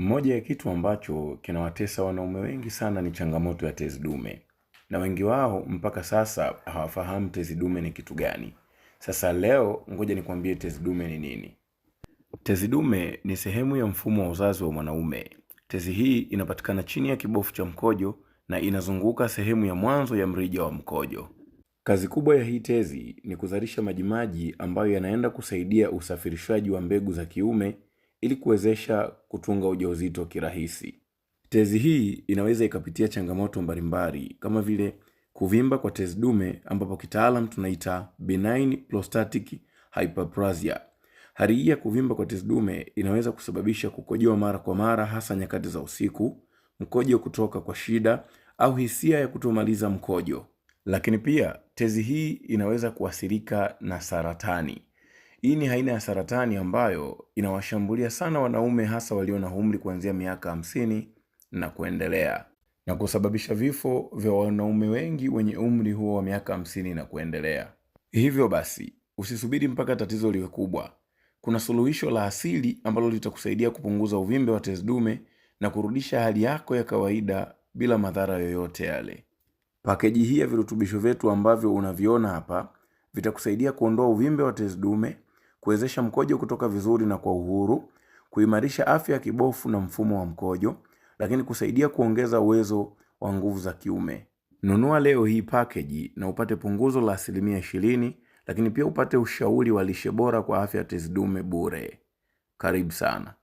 Mmoja ya kitu ambacho kinawatesa wanaume wengi sana ni changamoto ya tezi dume, na wengi wao mpaka sasa hawafahamu tezi dume ni kitu gani. Sasa leo ngoja nikwambie tezi dume ni nini. Tezi dume ni sehemu ya mfumo wa uzazi wa mwanaume. Tezi hii inapatikana chini ya kibofu cha mkojo na inazunguka sehemu ya mwanzo ya mrija wa mkojo. Kazi kubwa ya hii tezi ni kuzalisha majimaji ambayo yanaenda kusaidia usafirishaji wa mbegu za kiume ili kuwezesha kutunga ujauzito kirahisi. Tezi hii inaweza ikapitia changamoto mbalimbali kama vile kuvimba kwa tezi dume ambapo kitaalam tunaita benign prostatic hyperplasia. Hali hii ya kuvimba kwa tezi dume inaweza kusababisha kukojoa mara kwa mara, hasa nyakati za usiku, mkojo kutoka kwa shida au hisia ya kutomaliza mkojo. Lakini pia tezi hii inaweza kuathirika na saratani. Hii ni aina ya saratani ambayo inawashambulia sana wanaume hasa walio na umri kuanzia miaka hamsini na kuendelea na kusababisha vifo vya wanaume wengi wenye umri huo wa miaka hamsini na kuendelea. Hivyo basi, usisubiri mpaka tatizo liwe kubwa. Kuna suluhisho la asili ambalo litakusaidia kupunguza uvimbe wa tezi dume na kurudisha hali yako ya kawaida bila madhara yoyote yale. Pakeji hii ya virutubisho vyetu ambavyo unaviona hapa vitakusaidia kuondoa uvimbe wa tezi dume, kuwezesha mkojo kutoka vizuri na kwa uhuru, kuimarisha afya ya kibofu na mfumo wa mkojo, lakini kusaidia kuongeza uwezo wa nguvu za kiume. Nunua leo hii pakeji na upate punguzo la asilimia ishirini, lakini pia upate ushauri wa lishe bora kwa afya ya tezi dume bure. Karibu sana.